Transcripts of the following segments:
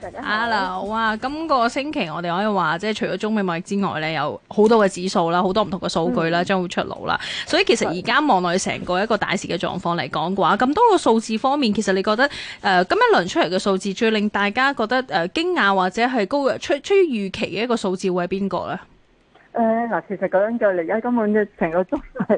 Hello 啊嗱，哇、啊！今個星期我哋可以話，即係除咗中美貿易之外咧，有好多嘅指數啦，好多唔同嘅數據啦，將會出爐啦。嗯、所以其實而家望落去成個一個大市嘅狀況嚟講嘅話，咁多個數字方面，其實你覺得誒咁、呃、一輪出嚟嘅數字，最令大家覺得誒、呃、驚訝或者係高出出於預期嘅一個數字會，會係邊個咧？誒，嗱、呃，其實講真句嚟，而家根本嘅成個中美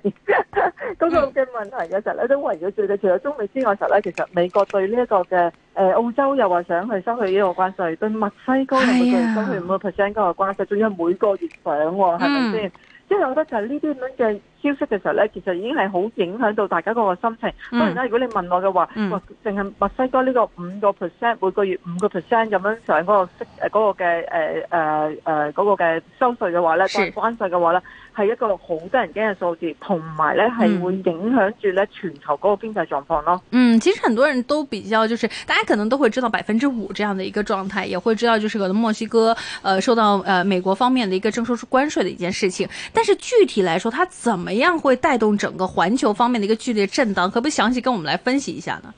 嗰 個嘅問題嘅時候咧，都圍繞住咧，除咗中美之外時候，實咧其實美國對呢一個嘅誒、呃、澳洲又話想去收取呢個關稅，對墨西哥又話想去收五個 percent 嗰個關稅，仲要、哎、呀每個月上、哦，係咪先？即係我覺得就係呢啲咁樣嘅，消息嘅時候咧，其實已經係好影響到大家嗰個心情。當然啦，如果你問我嘅話，或淨係墨西哥呢個五個 percent 每個月五個 percent 咁樣上嗰個息誒嗰、嗰個嘅誒誒誒嗰個嘅收稅嘅話咧，但係關稅嘅話咧。係一個好得人驚嘅數字，同埋咧係會影響住咧全球嗰個經濟狀況咯。嗯，其實很多人都比較，就是大家可能都會知道百分之五這樣的一個狀態，也會知道就是可能墨西哥，呃，受到呃美國方面的一個徵收出關稅嘅一件事情。但是具體來說，它怎麼樣會帶動整個環球方面的一個劇烈震盪？可唔可以詳細跟我們來分析一下呢？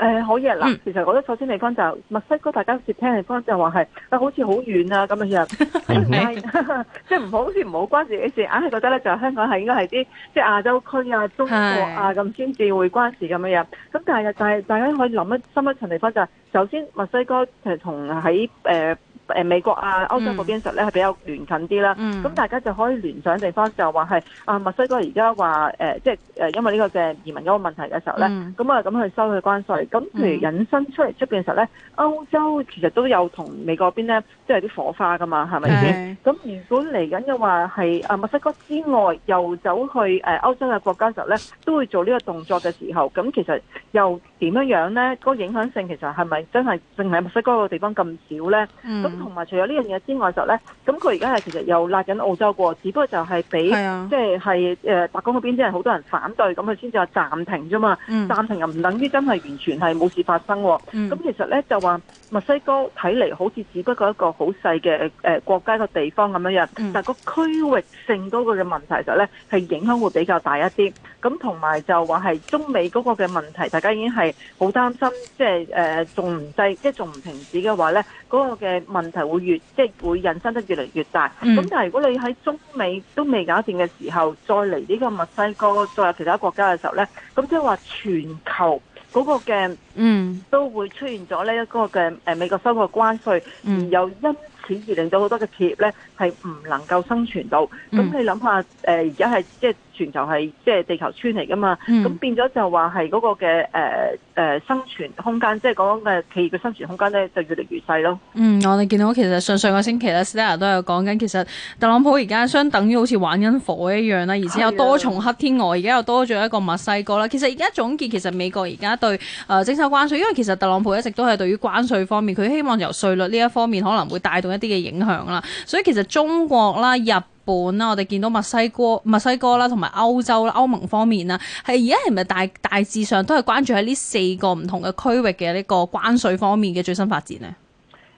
誒好嘢。嗱、嗯，其實我覺得首先嚟講就墨西哥，大家接聽嚟方就話係啊，好似好遠啊咁樣樣，即 係唔好，好似唔好關事嘅事，硬係覺得咧就香港係應該係啲即係亞洲區啊、中國啊咁先至會關事咁樣樣。咁，但係但係大家可以諗一想深一層地方，就係、是，首先墨西哥其實同喺誒。呃誒美國啊，歐洲嗰邊時咧係比較聯近啲啦，咁、嗯、大家就可以聯想地方就話係啊，墨西哥而家話誒，即係誒、呃，因為呢個嘅移民嗰個問題嘅時候咧，咁啊咁去收佢關稅，咁譬如引申出嚟出邊嘅時候咧，歐、嗯、洲其實都有同美國嗰邊咧，即係啲火花噶嘛，係咪先？咁吧是如果嚟緊嘅話係啊，墨西哥之外又走去誒歐、啊、洲嘅國家嘅時候咧，都會做呢個動作嘅時候，咁其實又點樣樣咧？嗰、那個、影響性其實係咪真係淨係墨西哥個地方咁少咧？嗯嗯嗯同埋除咗呢樣嘢之外就咧，咁佢而家係其實又拉緊澳洲個，只不過就係俾即係係誒，白宮嗰邊啲人好多人反對，咁佢先至話暫停啫嘛。嗯、暫停又唔等於真係完全係冇事發生。咁、嗯、其實咧就話墨西哥睇嚟好似只不過一個好細嘅誒國家個地方咁樣樣，嗯、但係個區域性嗰個嘅問題就咧係影響會比較大一啲。咁同埋就話係中美嗰個嘅問題，大家已經係好擔心，即係誒仲唔制，即係仲唔停止嘅話咧，嗰、嗰個嘅問。問題會越即係會引申得越嚟越大，咁、mm. 但係如果你喺中美都未搞掂嘅時候，再嚟呢個墨西哥再有其他國家嘅時候咧，咁即係話全球嗰個嘅，嗯，mm. 都會出現咗呢一個嘅誒美國收個關稅，而又因此而令到好多嘅企業咧係唔能夠生存到，咁、mm. 你諗下誒而家係即係。全球係即係地球村嚟噶嘛，咁、嗯、變咗就話係嗰個嘅誒誒生存空間，即係講嘅企業嘅生存空間咧，就越嚟越細咯。嗯，我哋見到其實上上個星期咧，Stella、嗯、都有講緊，其實特朗普而家相等於好似玩緊火一樣啦，而且有多重黑天鵝，而家又多咗一個墨西哥啦。其實而家總結，其實美國而家對誒徵、呃、收關稅，因為其實特朗普一直都係對於關稅方面，佢希望由稅率呢一方面可能會帶動一啲嘅影響啦。所以其實中國啦入。本啦，我哋見到墨西哥、墨西哥啦，同埋歐洲啦、歐盟方面啦，係而家係咪大大致上都係關注喺呢四個唔同嘅區域嘅呢、呢個關稅方面嘅最新發展呢？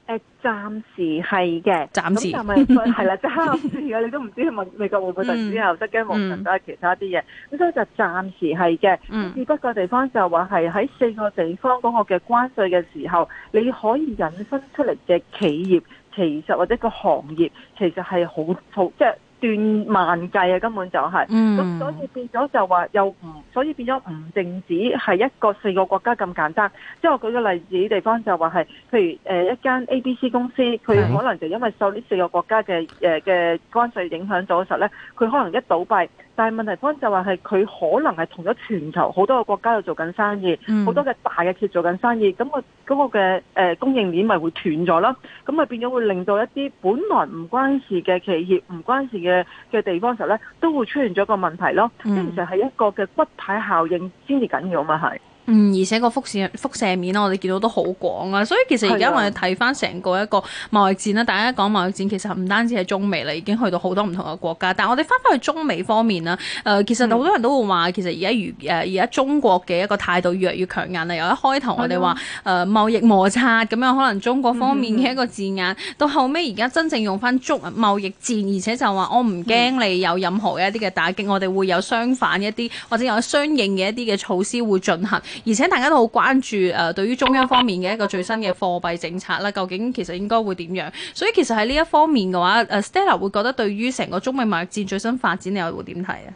誒、呃，暫時係嘅，暫時係啦，即係暫時你都唔知係咪美國會唔會得只、 嗯、有得驚冇其他其他啲嘢，咁、嗯、所以就暫時係嘅。嗯、只不過地方就話係喺四個地方嗰個嘅關稅嘅時候，你可以引申出嚟嘅企業。其實或者個行業其實係好好即係。斷萬計啊！嗯、根本就係、是，咁、嗯、所以變咗就話又唔，所以變咗唔淨止係一個四個國家咁簡單。即係我舉個例子地方就話係，譬如誒、呃、一間 A、B、C 公司，佢可能就因為受呢四個國家嘅誒嘅關稅影響咗時候咧，佢可能一倒閉。但係問題方就話係佢可能係同咗全球好多個國家有做緊生意，好、嗯、多嘅大嘅企業做緊生意，咁個嗰個嘅誒供應鏈咪會斷咗咯？咁咪變咗會令到一啲本來唔關事嘅企業，唔關事嘅。嘅嘅地方時候咧，都會出現咗個問題咯，即係其實係一個嘅骨牌效應先至緊要啊嘛，係。嗯，而且個輻射輻射面啦，我哋見到都好廣啊，所以其實而家我哋睇翻成個一個貿易戰啦。大家講貿易戰，其實唔單止係中美啦，已經去到好多唔同嘅國家。但係我哋翻返去中美方面啦，誒、呃，其實好多人都會話，其實而家而家中國嘅一個態度越嚟越強硬啦。由一開頭我哋話誒貿易摩擦咁樣，可能中國方面嘅一個字眼，嗯、到後尾而家真正用翻貿貿易戰，而且就話我唔驚你有任何嘅一啲嘅打擊，嗯、我哋會有相反一啲或者有相應嘅一啲嘅措施會進行。而且大家都好關注誒、呃，對於中央方面嘅一個最新嘅貨幣政策啦，究竟其實應該會點樣？所以其實喺呢一方面嘅話，誒、呃、Stella 會覺得對於成個中美貿易戰最新發展，你又會點睇啊？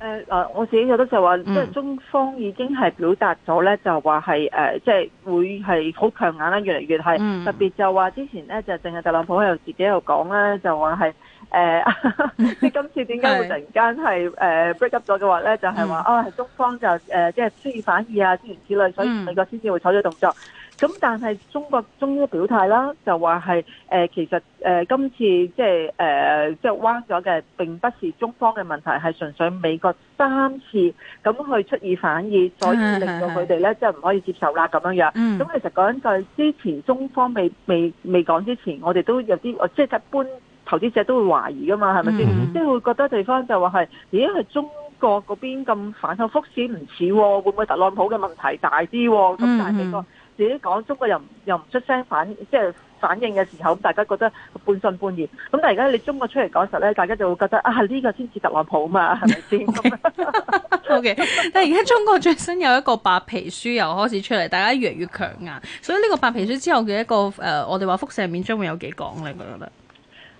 誒嗱、呃，我自己覺得就話，即係中方已經係表達咗咧，嗯、就話係誒，即係會係好強硬啦，越嚟越係、嗯、特別就話之前咧，就淨係特朗普喺度自己又講咧，就話係。誒，即係 今次點解會突然間係誒 break up 咗嘅話咧？ 就係話啊，係中方就誒即係出爾反爾啊之類之類，所以美國先至會採取動作。咁 但係中國終於表態啦，就話係誒其實誒、呃、今次即係誒即係彎咗嘅，並不是中方嘅問題，係純粹美國三次咁去出爾反爾，所以令到佢哋咧即係唔可以接受啦咁樣樣。咁其實講緊就係之前中方未未未，未講之前，我哋都有啲即係一般。投資者都會懷疑噶嘛，係咪先？Mm hmm. 即係會覺得地方就話係，咦？係中國嗰邊咁反向輻射唔似喎，會唔會特朗普嘅問題大啲、哦？咁、mm hmm. 但係美國自己講中國又又唔出聲反，即係反應嘅時候，大家覺得半信半疑。咁但係而家你中國出嚟講實咧，大家就會覺得啊，呢個先似特朗普嘛，係咪先？OK，但係而家中國最新有一個白皮書又開始出嚟，大家越嚟越強硬。所以呢個白皮書之後嘅一個誒、呃，我哋話輻射面將會有幾廣你覺得？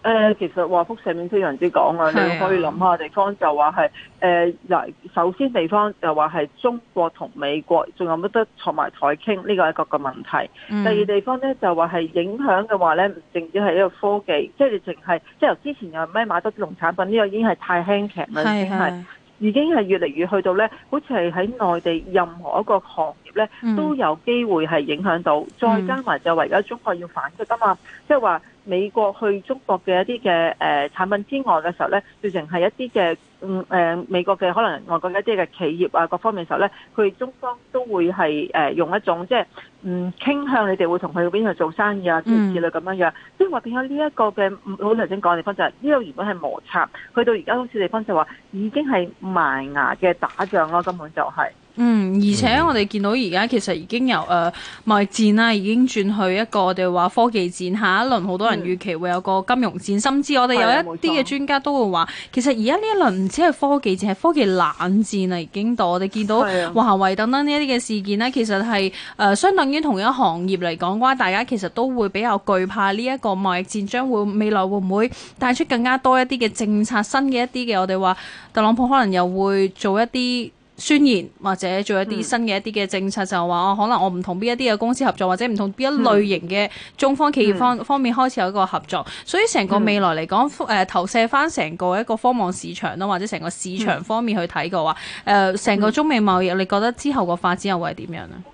呃、其實話輻射面非常之廣啊！你可以諗下地方就，就話係誒嗱，首先地方就話係中國同美國，仲有乜得坐埋台傾呢個係一個問題。嗯、第二地方咧就話係影響嘅話咧，唔淨止係一個科技，即係你淨係即係由之前有咩買多啲農產品，呢、呢個已經係太輕劇啦，已是已經係越嚟越去到咧，好似係喺內地任何一個行業咧，都有機會係影響到。再加埋就係而家中國要反擊啊嘛，即係話美國去中國嘅一啲嘅誒產品之外嘅時候咧，變成係一啲嘅嗯誒、呃、美國嘅可能外國一啲嘅企業啊各方面嘅時候咧，佢哋中方都會係誒用一種即係唔傾向你哋會同佢邊度做生意啊之類咁樣樣。嗯話變咗呢一個嘅好頭先講嘅地方就係呢個原本係摩擦，去到而家好似地方就話已經係埋牙嘅打仗咯，根本就係、是。嗯，而且我哋見到而家其實已經由誒、呃、貿易戰啦，已經轉去一個我哋話科技戰，下一輪好多人預期會有個金融戰，甚至、嗯、我哋有一啲嘅專家都會話，冇錯。其實而家呢一輪唔止係科技戰，係科技冷戰啦，已經到。我哋見到華為等等呢一啲嘅事件咧，其實係誒、呃、相當於同一行業嚟講嘅話，大家其實都會比較懼怕呢一個貿易戰將會未來會唔會帶出更加多一啲嘅政策新嘅一啲嘅我哋話特朗普可能又會做一啲。宣言或者做一啲新嘅一啲嘅政策，嗯、就話可能我唔同邊一啲嘅公司合作，或者唔同邊一類型嘅中方企業方方面開始有一個合作。嗯、所以成個未來嚟講誒投射翻成個一個科網市場咯，或者成個市場方面去睇嘅話誒成、嗯呃、個中美貿易，你覺得之後個發展又會係點樣呢？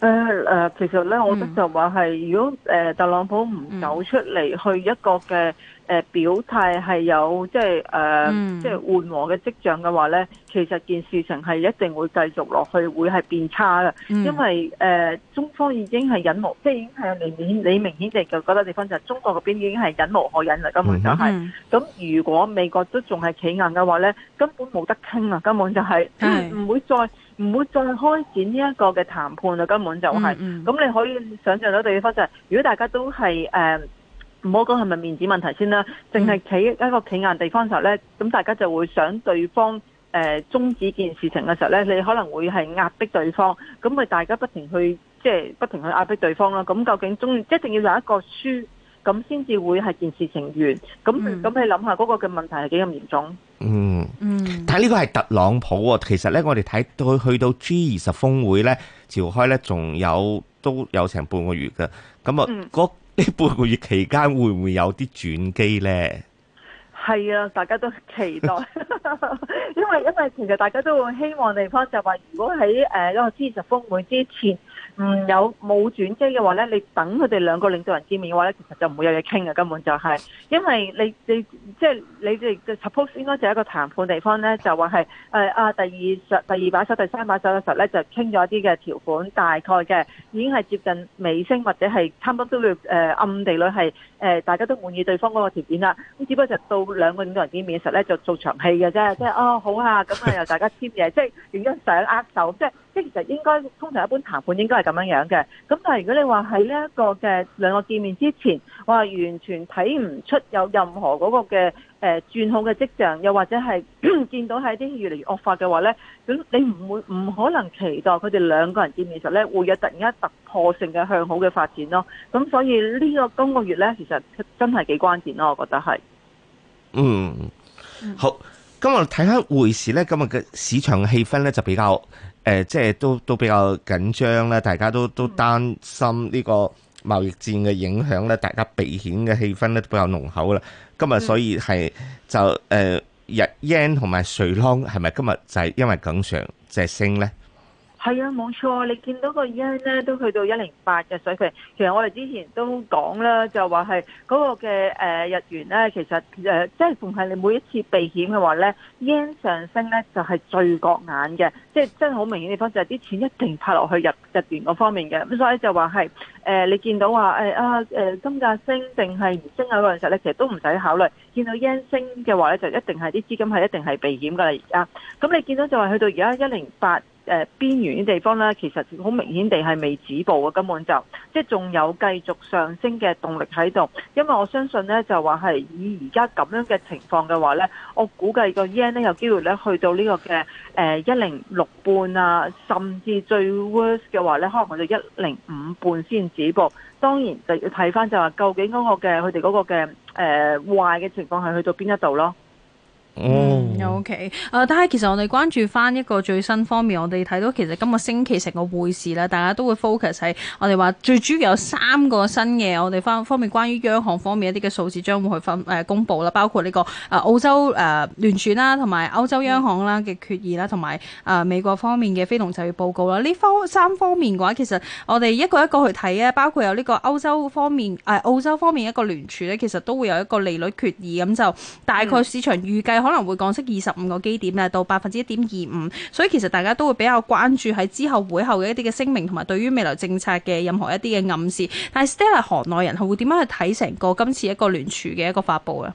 誒誒、呃呃、其實咧，我覺得就話係如果誒、呃、特朗普唔走出嚟、嗯、去一個嘅。誒表態係有即係誒，即係緩和嘅跡象嘅話咧，其實件事情係一定會繼續落去，會係變差嘅。因為誒中方已經係忍無，即係已經係明顯，你明顯就覺得地方就係中國嗰邊已經係忍無可忍啦。根本就係咁，如果美國都仲係企硬嘅話咧，根本冇得傾啊！根本就係唔會再唔會再開展呢一個嘅談判啊！根本就係咁，你可以想像到地方就係，如果大家都係誒。唔好講係咪面子問題先啦，淨係企一個企硬地方嘅時候咧，咁大家就會想對方誒終、呃、止件事情嘅時候咧，你可能會係壓迫對方，咁咪大家不停去即係不停去壓逼對方咯。咁究竟中一定要有一個輸咁先至會係件事情完？咁咁、嗯、你諗下嗰個嘅問題係幾咁嚴重？嗯嗯，但呢個係特朗普啊、哦，其實咧我哋睇到去到 G 二十峰會咧召開咧，仲有都有成半個月嘅，咁啊、嗯嗰個呢半個月期間會唔會有啲轉機呢？係啊，大家都期待， 因為因為其實大家都會希望地方就話，如果喺誒一個知識峰會之前。嗯，有冇轉機嘅話咧，你等佢哋兩個領導人見面嘅話咧，其實就唔會有嘢傾嘅，根本就係、是、因為你你即係你哋嘅 suppose 應該就係一個談判地方咧，就話係誒啊第二十第二把手、第三把手嘅時候咧，就傾咗一啲嘅條款，大概嘅已經係接近尾聲或者係差唔多都要誒、呃、暗地裏係誒大家都滿意對方嗰個條件啦。咁只不過就到兩個領導人見面嘅時候咧，就做場戲嘅啫，即係哦好啊，咁啊由大家簽嘢， 即係原因想握手，即係。即係其實應該通常一般談判應該係咁樣樣嘅，咁但係如果你話喺呢一個嘅兩個見面之前，我係完全睇唔出有任何嗰個嘅誒、呃、轉好嘅跡象，又或者係 見到係啲越嚟越惡化嘅話咧，咁你唔會唔可能期待佢哋兩個人見面時候咧會有突然間突破性嘅向好嘅發展咯。咁所以呢個今個月咧，其實真係幾關鍵咯，我覺得係。嗯，嗯，好。今日睇下匯市咧，今日嘅市場嘅氣氛咧，就比較。誒、呃，即係都都比較緊張啦，大家都都擔心呢個貿易戰嘅影響咧，大家避險嘅氣氛咧都比較濃厚啦。今日所以係就誒、呃、日 yen 同埋瑞郎係咪今日就係因為緊上即係升咧？係啊，冇錯，你見到個 yen 呢都去到一零八嘅水平。其實我哋之前都講啦，就話係嗰個嘅誒日元呢，其實誒、呃、即係逢係你每一次避險嘅話呢 yen 上升呢就係、是、最覺眼嘅，即係真係好明顯嘅地方式就係、是、啲錢一定拍落去入日日元嗰方面嘅。咁所以就話係誒，你見到話誒、哎、啊誒金、呃、價升定係唔升啊嗰陣時呢，其實都唔使考慮。見到 yen 升嘅話呢，就一定係啲資金係一定係避險㗎啦。而家咁你見到就話去到而家一零八。誒邊緣啲地方咧，其實好明顯地係未止步啊。根本就即係仲有繼續上升嘅動力喺度。因為我相信咧，就話係以而家咁樣嘅情況嘅話咧，我估計個 yen 咧有機會咧去到呢個嘅誒一零六半啊，甚至最 worst 嘅話咧，可能去到一零五半先止步。當然就要睇翻就話究竟嗰個嘅佢哋嗰個嘅誒、呃、壞嘅情況係去到邊一度咯。嗯、mm hmm.，OK，誒、呃，但係其實我哋關注翻一個最新方面，我哋睇到其實今個星期成個會事咧，大家都會 focus 喺我哋話最主要有三個新嘅我哋方方面關於央行方面一啲嘅數字將會去分誒、呃、公布啦，包括呢、這個誒、呃、澳洲誒、呃、聯儲啦，同埋歐洲央行啦嘅決議啦，同埋誒美國方面嘅非農就業報告啦。呢方三方面嘅話，其實我哋一個一個去睇咧，包括有呢個歐洲方面誒、呃、澳洲方面一個聯儲咧，其實都會有一個利率決議，咁就大概市場預計、mm。Hmm. 可能會降息二十五個基點咧到百分之一點二五，所以其實大家都會比較關注喺之後會後嘅一啲嘅聲明同埋對於未來政策嘅任何一啲嘅暗示。但係 Stella 行內人係會點樣去睇成個今次一個聯儲嘅一個發布啊？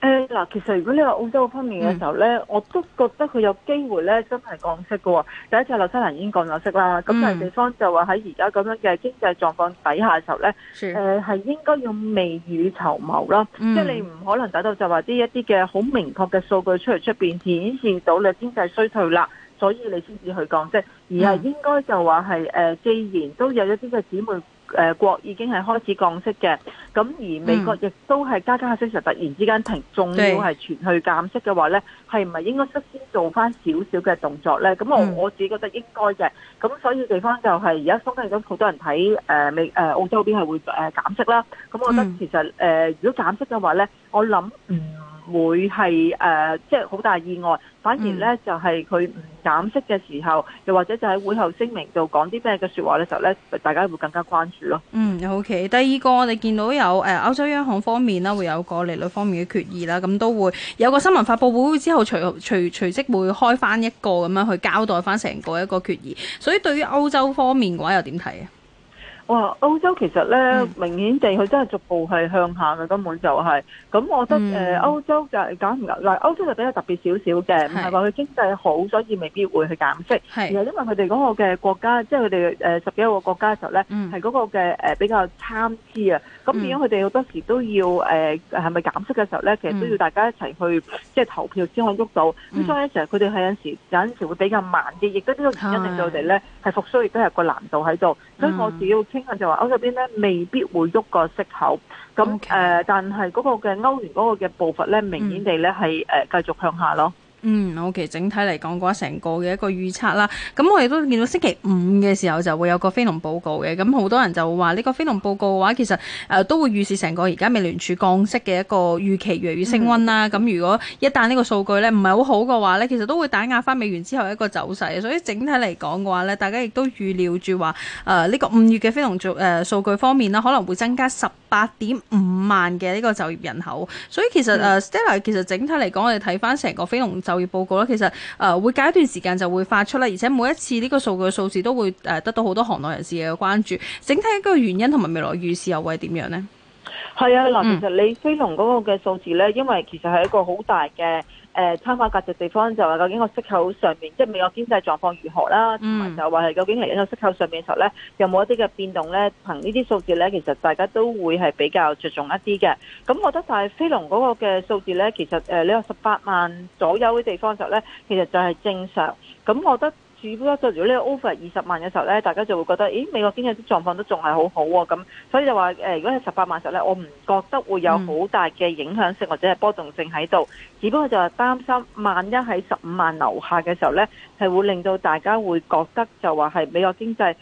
誒，嗱，呃，其實如果你話澳洲方面嘅時候咧，嗯，我都覺得佢有機會咧，真係降息嘅，哦。第一次紐西蘭已經降咗息啦，咁但係地方就話喺而家咁樣嘅經濟狀況底下嘅時候咧，誒係是、呃、應該要未雨綢繆啦，嗯，即係你唔可能等到就話啲一啲嘅好明確嘅數據出嚟出面顯示到你經濟衰退啦，所以你先至去降息，而係應該就話係誒，既然都有一啲嘅姊妹。誒、呃、國已經係開始降息嘅，咁、嗯、而美國亦都係加加息，實突然之間停，仲要係全去減息嘅話咧，係唔係應該率先做翻少少嘅動作咧？咁、嗯、我、嗯、我自己覺得應該嘅，咁所以地方就係而家分析緊，好多人睇誒美誒澳洲邊係會誒減息啦。咁、嗯嗯、我覺得其實誒、呃、如果減息嘅話咧，我諗嗯。會係誒、呃，即係好大意外。反而咧，嗯、就係佢唔減息嘅時候，又或者就喺會後聲明度講啲咩嘅説話嘅時候咧，大家會更加關注咯。嗯，okay. 第二個，我哋見到有誒歐洲央行方面啦，會有個利率方面嘅決議啦，咁都會有個新聞發布會之後，隨隨隨即會開翻一個咁樣去交代翻成個一個決議。所以對於歐洲方面嘅話，又點睇啊？哇！歐洲其實咧明顯地，佢真係逐步係向下嘅，根本就係、是、咁。我覺得誒歐洲就減唔減？嗱，歐洲就，歐洲就比較特別少少嘅，唔係話佢經濟好，所以未必會去減息，係是因為佢哋嗰個嘅國家，即係佢哋誒十幾個國家嘅時候咧，係嗰、嗯、個嘅誒比較參差啊。咁、嗯、變咗佢哋好多時都要誒係咪減息嘅時候咧，其實都要大家一齊去即係投票先可以喐到。咁所以成日佢哋係有陣時有陣時會比較慢啲，亦都呢個原因令到佢哋咧係復甦，亦都係個難度喺度。所以我主要傾向就話歐洲邊咧未必會喐個息口，咁誒 Okay.、呃，但係嗰個嘅歐元嗰個嘅步伐咧明顯地咧係誒繼續向下咯。嗯，OK，整體嚟講嘅話，成個嘅一個預測啦，咁我哋都見到星期五嘅時候就會有個非農報告嘅，咁好多人就會話呢個非農報告嘅話，其實誒、呃、都會預示成個而家美聯儲降息嘅一個預期越嚟越升溫啦。咁、嗯啊、如果一旦個數呢個數據咧唔係好好嘅話咧，其實都會打壓翻美元之後一個走勢。所以整體嚟講嘅話咧，大家亦都預料住話誒呢個五月嘅非農誒數據方面啦，可能會增加十八點五萬嘅呢個就業人口。所以其實誒，Stella、嗯嗯、其實整體嚟講，我哋睇翻成個非農。就業報告啦，其實誒、呃、會隔一段時間就會發出啦，而且每一次呢個數據數字都會誒、呃、得到好多行內人士嘅關注。整體嘅原因同埋未來預示又會係點樣呢？係啊，嗱、呃，嗯、其實李飛龍嗰個嘅數字咧，因為其實係一個好大嘅。誒參考價值地方就係究竟個息口上面，即係美國經濟狀況如何啦，同埋、mm. 就話係究竟嚟緊個息口上面嘅時候咧，有冇一啲嘅變動咧？憑呢啲數字咧，其實大家都會係比較着重一啲嘅。咁我覺得但係非農嗰個嘅數字咧，其實誒呢個十八萬左右嘅地方時候咧，其實就係正常。咁我覺得。只不過就如果呢個 offer 二十萬嘅時候呢，大家就會覺得，咦，美國經濟啲狀況都仲係好好、啊、喎，咁所以就話，誒、呃，如果係十八萬嘅時候呢，我唔覺得會有好大嘅影響性或者係波動性喺度。嗯、只不過就係擔心，萬一喺十五萬樓下嘅時候呢，係會令到大家會覺得就話係美國經濟。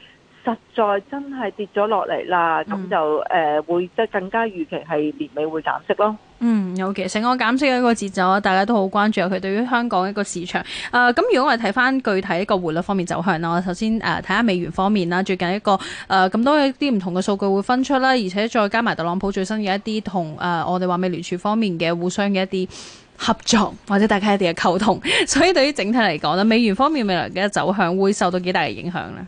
實在真係跌咗落嚟啦，咁、嗯、就誒會即更加預期係年尾會減息咯。嗯，OK，成個減息嘅一個節奏啊，大家都好關注佢對於香港一個市場誒，咁、呃、如果我哋睇翻具體一個匯率方面走向啦，我首先誒睇下美元方面啦，最近一個誒咁、呃、多一啲唔同嘅數據會分出啦，而且再加埋特朗普最新嘅一啲同誒我哋話美聯儲方面嘅互相嘅一啲合作或者大家一啲嘅溝通，所以對於整體嚟講咧，美元方面未來嘅走向會受到幾大嘅影響咧。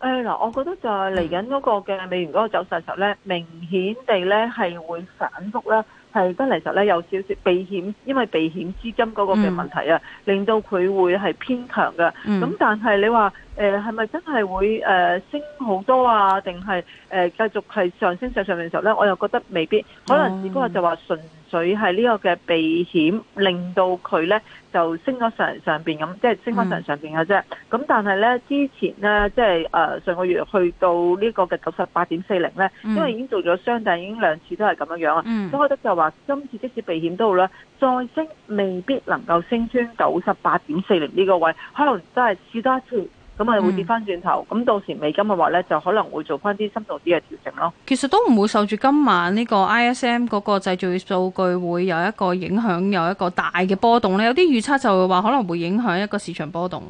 誒，嗱、哎，我覺得就係嚟緊嗰個嘅美元嗰個走勢時候咧，明顯地咧係會反覆啦，係不嚟時候咧有少少避險，因為避險資金嗰個嘅問題啊，嗯、令到佢會係偏強嘅。咁、嗯、但係你話。誒係咪真係會誒升好多啊？定係誒繼續係上升上上面嘅時候咧，我又覺得未必，可能只不過就話純粹係呢個嘅避險，令到佢咧就升咗上上邊咁，即係升返上上邊嘅啫。咁但係咧之前咧，即係誒上個月去到呢個嘅九十八點四零咧，因為已經做咗雙底，已經兩次都係咁樣樣啦。嗯、所以覺得就話今次即使避險都好啦，再升未必能夠升穿九十八點四零呢個位，可能真係試多一次。咁咪會跌翻轉頭，咁到時美金嘅話呢，就可能會做翻啲深度啲嘅調整咯。其實都唔會受住今晚呢個 ISM 嗰個製造業數據會有一個影響，有一個大嘅波動呢。有啲預測就話可能會影響一個市場波動。誒、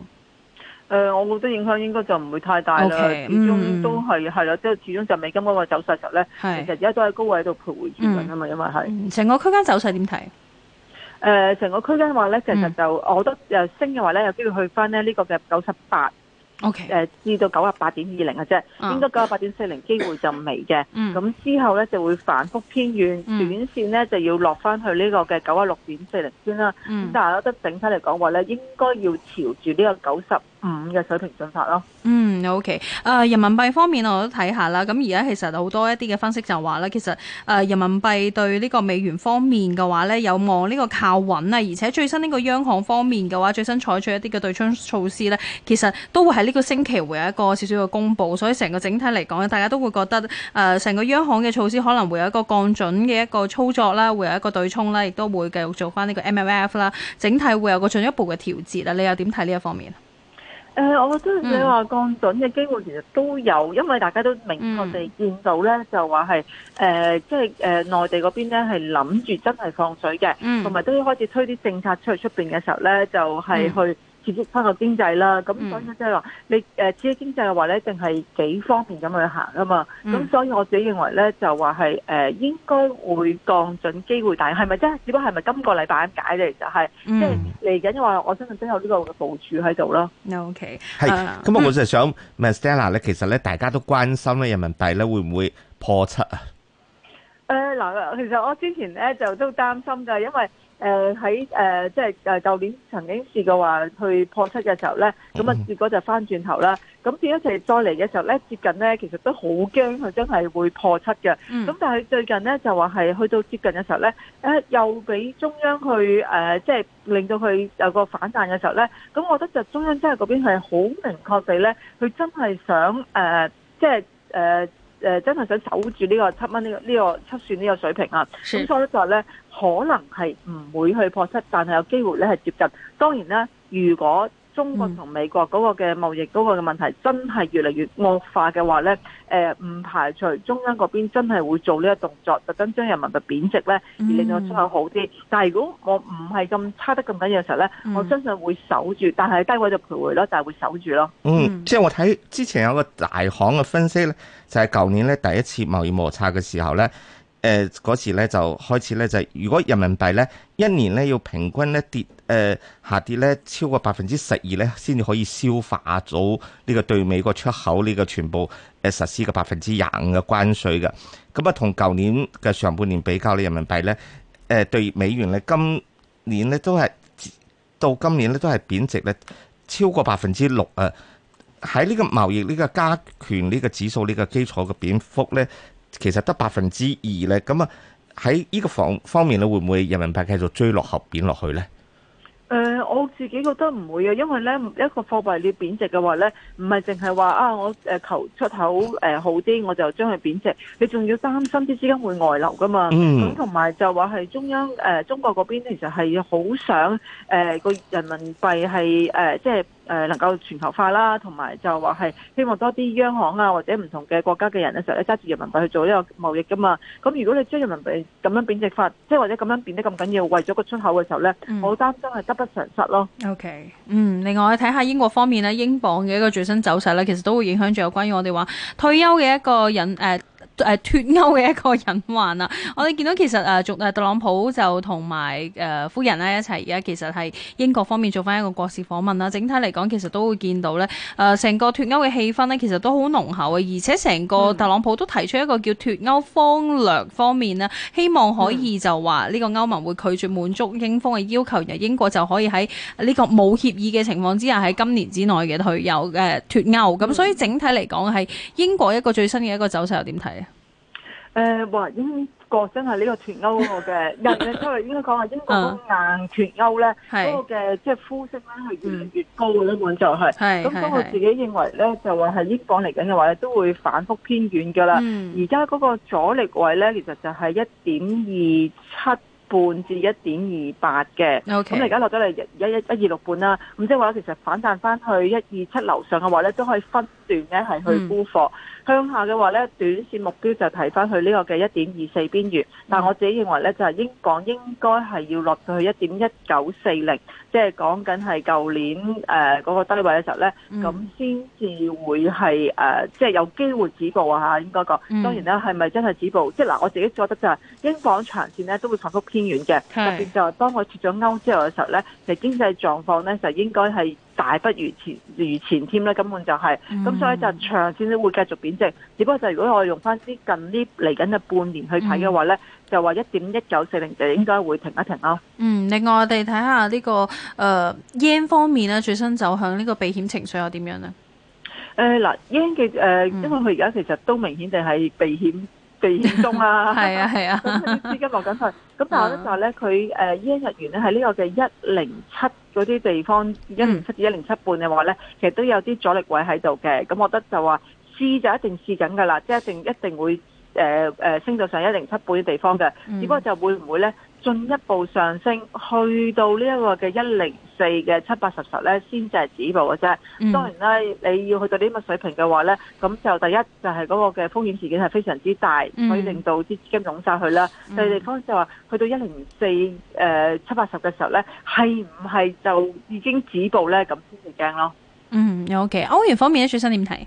呃，我覺得影響應該就唔會太大啦。始終都係係咯，即係始終就美金嗰個走勢嘅時候咧，是其實而家都喺高位度徘徊住緊嘛，嗯、因為係成個區間走勢點睇？誒、呃，成個區間嘅話呢，其實就、嗯、我覺得升嘅話呢，有機會去翻咧呢個嘅九十八。O K，誒至到九啊八點二零嘅啫，uh, 應該九啊八點四零機會就微嘅，咁、嗯、之後咧就會反覆偏軟，嗯、短線咧就要落翻去呢個嘅九啊六點四零先啦。咁、嗯、但係覺得整體嚟講話咧，應該要朝住呢個九十五嘅水平進發咯，嗯，OK，誒、呃，人民幣方面我都睇下啦。咁而家其實好多一啲嘅分析就話咧，其實誒、呃、人民幣對呢個美元方面嘅話咧，有望呢個靠穩啊。而且最新呢個央行方面嘅話，最新採取一啲嘅對沖措施咧，其實都會喺呢個星期會有一個少少嘅公布。所以成個整體嚟講，大家都會覺得誒、呃、成個央行嘅措施可能會有一個降準嘅一個操作啦，會有一個對沖啦，亦都會繼續做翻呢個 MLF 啦。整體會有個進一步嘅調節啊。你又點睇呢一方面？誒、呃，我覺得你話降準嘅機會其實都有，嗯、因為大家都明確地見到咧、嗯呃，就話係誒，即係誒內地嗰邊咧係諗住真係放水嘅，同埋、嗯、都要開始推啲政策出去出邊嘅時候咧，就係、是、去。嗯刺激翻個經濟啦，咁所以即係話你誒刺激經濟嘅話咧，一定係幾方便咁去行啊嘛，咁所以我自己認為咧就話係誒應該會降準機會大，係咪即係？只不過係咪今個禮拜咁解咧，就係即係嚟緊嘅話我相信都有呢個嘅部署喺度咯。OK，係。咁啊，我就想問 Stella 咧，其實咧大家都關心咧人民幣咧會唔會破七啊？誒，嗱，其實我之前咧就都擔心噶，因為。誒喺誒即係誒舊年曾經試過話去破七嘅時候咧，咁啊、嗯、結果就翻轉頭啦。咁點解係再嚟嘅時候咧，接近咧其實都好驚佢真係會破七嘅。咁、嗯、但係最近咧就話係去到接近嘅時候咧，誒、呃、又俾中央去誒即係令到佢有個反彈嘅時候咧。咁我覺得就中央真係嗰邊係好明確地咧，佢真係想誒即係誒。呃就是呃誒、呃、真係想守住呢個七蚊呢、呢個呢、呢個七算呢個水平啊，咁的所以就係咧，可能係唔會去破七，但係有機會咧係接近。當然咧，如果中國同美國嗰個嘅貿易嗰個嘅問題真係越嚟越惡化嘅話呢，誒，唔排除中央嗰邊真係會做呢一個動作，特登將人民幣貶值呢而令到出口好啲。但係如果我唔係咁差得咁緊要嘅時候呢，嗯，我相信會守住，但係低位就徘徊咯，但係會守住咯。嗯，即係我睇之前有個大行嘅分析呢，就係舊年呢第一次貿易摩擦嘅時候呢。誒、嗰、呃、時咧，就開始咧就係，如果人民幣咧一年咧要平均咧跌誒下跌咧超過百分之十二咧，先至可以消化到呢個對美國出口呢個全部誒實施嘅百分之廿五嘅關稅嘅。咁、嗯、啊，同舊年嘅上半年比較咧，人民幣咧誒對美元咧，今年咧都係到今年咧都係貶值咧超過百分之六啊！喺呢個貿易呢，呢個加權呢，呢個指數呢，呢個基礎嘅貶幅咧。其實得百分之二咧，咁啊喺呢個方面咧，會唔會人民幣繼續追落後貶落去咧？誒、呃，我自己覺得唔會啊，因為咧一個貨幣你貶值嘅話咧，唔係淨係話啊我誒求出口誒、呃、好啲，我就將佢貶值，你仲要擔心啲資金會外流噶嘛？咁同埋就話係中央誒、呃、中國嗰邊其實係好想誒個、呃、人民幣係誒即係。呃就是誒、呃、能夠全球化啦，同埋就話係希望多啲央行啊，或者唔同嘅國家嘅人嘅時候咧揸住人民幣去做呢個貿易噶嘛。咁如果你將人民幣咁樣貶值化，即係或者咁樣變得咁緊要，為咗個出口嘅時候咧，嗯、我擔心係得不償失咯。OK，嗯，另外我睇下英國方面咧，英鎊嘅一個最新走勢咧，其實都會影響住有關於我哋話退休嘅一個人。誒、呃。誒，脫歐嘅一個隱患啊。我哋見到其實誒，仲、啊、誒，特朗普就同埋誒夫人咧一齊而家，其實係英國方面做翻一個國事訪問啦。整體嚟講，其實都會見到咧，誒、呃，成個脱歐嘅氣氛咧，其實都好濃厚啊。而且成個特朗普都提出一個叫脱歐方略方面咧，希望可以就話呢個歐盟會拒絕滿足英方嘅要求，而英國就可以喺呢個冇協議嘅情況之下，喺今年之內嘅退有誒脱歐。咁、呃、所以整體嚟講，係英國一個最新嘅一個走勢，又點睇啊？誒話、呃、英國真係 呢、啊、個脫歐嘅人咧，即係應該講係英國硬脫歐咧，嗰個嘅即係呼聲咧係越嚟越高嘅根本就係、是。咁所以我自己認為咧，就話係英鎊嚟緊嘅話咧，都會反覆偏軟嘅啦。而家嗰個阻力位咧，其實就係一點二七半至一點二八嘅。咁你而家落咗嚟一一一二六半啦。咁即係話其實反彈翻去一二七樓上嘅話咧，都可以分。段咧係去沽貨，向下嘅話咧，短線目標就提返去呢個嘅一點二四邊緣。但係我自己認為咧，就係英鎊應該係要落到去一點一九四零，即係講緊係舊年誒嗰個低位嘅時候咧，咁先至會係誒，即係有機會止步啊嚇，應該講。當然啦，係咪真係止步？即係嗱，我自己覺得就係英鎊長線咧都會反覆偏遠嘅，特別就係當佢脫咗歐之後嘅時候咧，其實經濟狀況咧就應該係。大不如前、就是，如前添咧，根本就係咁，所以就長線咧會繼續貶值，只不過就如果我用翻啲近呢嚟緊嘅半年去睇嘅話咧，就話一點一九四零就應該會停一停咯。嗯，另外我哋睇下呢個誒 yen、呃、方面咧，最新走向呢、呢個避險情緒又點樣呢？誒嗱 yen 嘅誒，因為佢而家其實都明顯地係避險、避險中啊，係啊係啊，資金落緊去。咁、嗯、但係我咧就係咧，佢誒 yen 日元咧係呢個嘅一零七。嗰啲地方一零七至一零七半嘅話咧，其實都有啲阻力位喺度嘅，咁我覺得就話試就一定試緊㗎啦，即係一定一定會誒誒，呃呃，升到上一零七半啲地方嘅，只不過就會唔會咧？進一步上升，去到呢一個嘅一零四嘅七八十十咧，先至係止步嘅啫。當然啦，你要去到呢個水平嘅話咧，咁就第一就係嗰個嘅風險事件係非常之大，可以令到啲資金湧晒去啦。第二個地方就係話，去到一零四誒七八十嘅時候咧，係唔係就已經止步咧？咁先至驚咯。嗯，OK。歐元方面咧，最新點睇？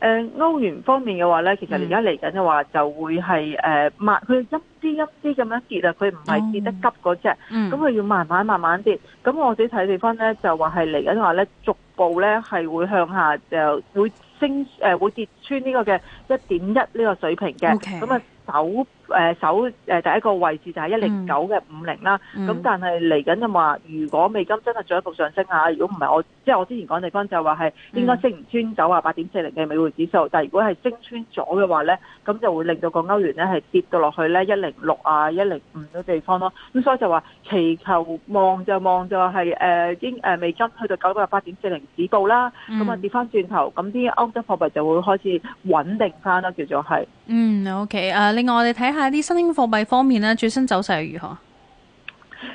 誒、uh, 歐元方面嘅話咧，其實而家嚟緊嘅話就會係誒、uh, 慢，佢一啲一啲咁樣跌啊，佢唔係跌得急嗰隻，咁佢、oh, um. 要慢慢慢慢跌。咁我自己睇地方咧就話係嚟緊話咧逐步咧係會向下，就會升誒、呃、會跌穿呢個嘅一點一呢個水平嘅。咁啊走。誒首誒第一個位置就係一零九嘅五零啦，咁但係嚟緊就話，如果美金真係進一步上升嚇，如果唔係我即係我之前講地方就話係應該升唔穿九啊八點四零嘅美匯指數，但係如果係升穿咗嘅話咧，咁就會令到個歐元咧係跌到落去咧一零六啊一零五嘅地方咯。咁所以就話祈求望就望就係誒英誒美金去到九十八點四零止步啦，咁啊跌翻轉頭，咁啲歐洲貨幣就會開始穩定翻啦，叫做係。嗯，OK。誒，另外我哋睇下。睇下啲新興貨幣方面咧，最新走勢係如何？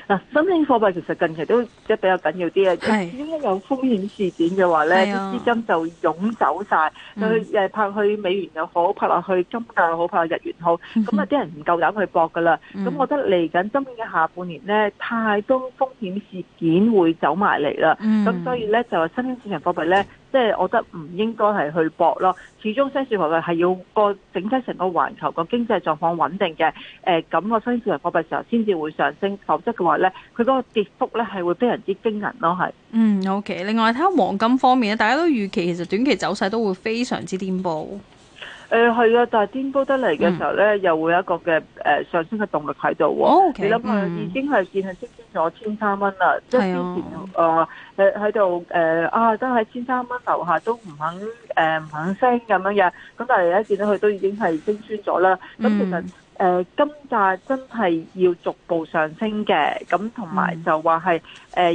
嗱，新興貨幣其實近期都即係比較緊要啲啊，是因為有風險事件嘅話咧，啲資的金就湧走晒，佢誒拍去美元又好，拍落去金價又好，拍落日元好，咁啊啲人唔夠膽去搏噶啦。咁、嗯、我覺得嚟緊今年嘅下半年咧，太多風險事件會走埋嚟啦。咁、嗯、所以咧就新興市場貨幣咧。即係我覺得唔應該係去搏咯，始終西紙幣幣係要個整體成個環球個經濟狀況穩定嘅，誒咁個西紙幣貨幣時候先至會上升，否則嘅話咧，佢嗰個跌幅咧係會非常之驚人咯，係。嗯，OK，另外睇下黃金方面咧，大家都預期其實短期走勢都會非常之顛簸。誒，係啊、呃，但係天高得嚟嘅時候咧，嗯、又會有一個嘅誒、呃、上升嘅動力喺度喎。你諗下，已經係見佢升穿咗千三蚊啦，即係之前誒喺度誒啊，都喺千三蚊樓下都唔肯誒唔、呃、肯升咁樣嘅，咁但係而家見到佢都已經係升穿咗啦。咁、嗯、其實。誒金價真係要逐步上升嘅，咁同埋就話係誒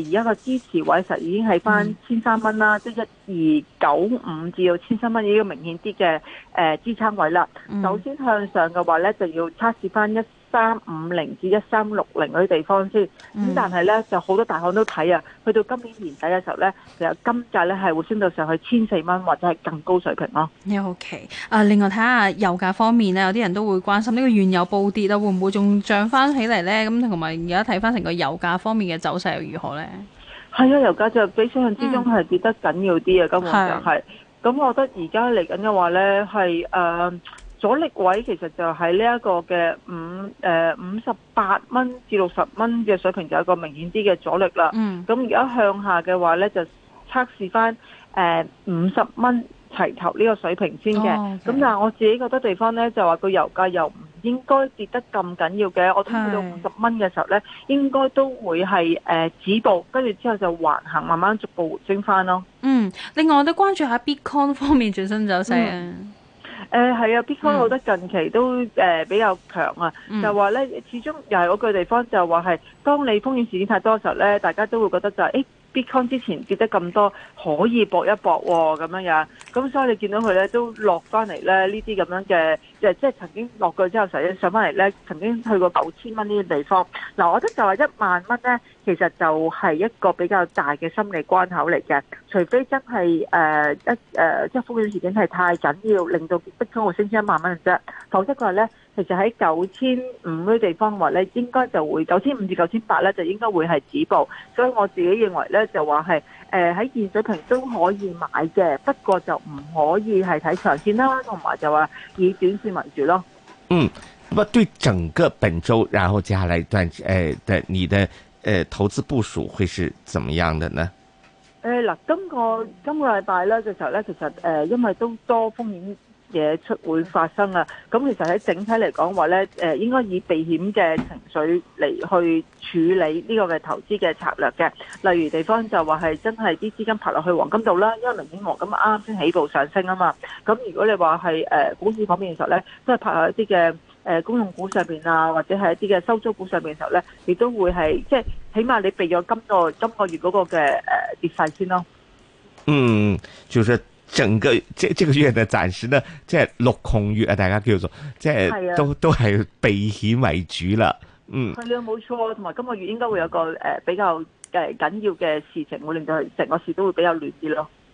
而家個支持位實已經係翻千三蚊啦，即一二九五至到千三蚊已經個明顯啲嘅誒支撐位啦。嗯、首先向上嘅話咧，就要測試翻一三五零至一三六零嗰啲地方先，咁、嗯、但係呢就好多大行都睇啊，去到今年年底嘅時候呢，其實金價呢係會升到上去千四蚊或者係更高水平咯。OK，啊，okay. Uh, 另外睇下油價方面呢，有啲人都會關心呢、這個原油暴跌啊，會唔會仲漲翻起嚟呢？咁同埋而家睇翻成個油價方面嘅走勢又如何呢？係啊，油價就比想象之中係跌得緊要啲啊！嗯、今日係、就是，咁是我覺得而家嚟緊嘅話呢，係誒。呃阻力位其實就喺呢一個嘅五誒五十八蚊至六十蚊嘅水平，就有個明顯啲嘅阻力啦。嗯，咁而家向下嘅話咧，就測試翻誒五十蚊齊頭呢個水平先嘅。咁、哦 okay、但係我自己覺得地方咧就話個油價又唔應該跌得咁緊要嘅。我睇到五十蚊嘅時候咧，是應該都會係誒、呃、止步，跟住之後就橫行，慢慢逐步回升翻咯。嗯，另外我都關注下 Bitcoin 方面轉身走勢啊。嗯誒係、呃、啊，Bitcoin 我覺得近期都誒、呃、比較強啊，嗯、就話咧，始終又係嗰句地方就話係，當你風險事件太多嘅時候咧，大家都會覺得就係、是，誒、欸。Bitcoin 之前跌得咁多，可以搏一搏喎，咁樣樣。咁所以你見到佢咧都落翻嚟咧，呢啲咁樣嘅，誒即係曾經落過之後，上翻嚟咧，曾經去過九千蚊呢啲地方。嗱，我覺得就係一萬蚊咧，其實就係一個比較大嘅心理關口嚟嘅。除非真係誒一誒，即係風險事件係太緊要，令到 Bitcoin 會升至一萬蚊嘅啫，否則佢話咧。其實喺九千五嘅地方話咧，應該就會九千五至九千八咧，就應該會係止步。所以我自己認為咧，就話係誒喺現水平都可以買嘅，不過就唔可以係睇長線啦，同埋就話以短線為主咯。嗯，咁對整個本周，然後接下來一段誒的、呃、你的誒、呃、投資部署會是怎麼樣的呢？誒嗱、呃、今，這個今，這個禮拜咧嘅時候咧，其實誒、呃、因為都多風險。嘢出會發生啊！咁其實喺整體嚟講話咧，誒應該以避險嘅情緒嚟去處理呢個嘅投資嘅策略嘅。例如地方就話係真係啲資金拍落去黃金度啦，因為明顯黃金啱啱先起步上升啊嘛。咁如果你話係誒股市方面嘅時候咧，即係拍落一啲嘅誒公用股上邊啊，或者係一啲嘅收租股上邊嘅時候咧，亦都會係即係起碼你避咗今個今個月嗰個嘅誒跌勢先咯。嗯，就是整個即係呢個月咧，暫時咧，即係六窮月啊，大家叫做即係都的都係避險為主啦。嗯，係啊，冇錯，同埋今個月應該會有個誒、呃、比較誒緊、呃、要嘅事情，會令到成個市都會比較亂啲咯。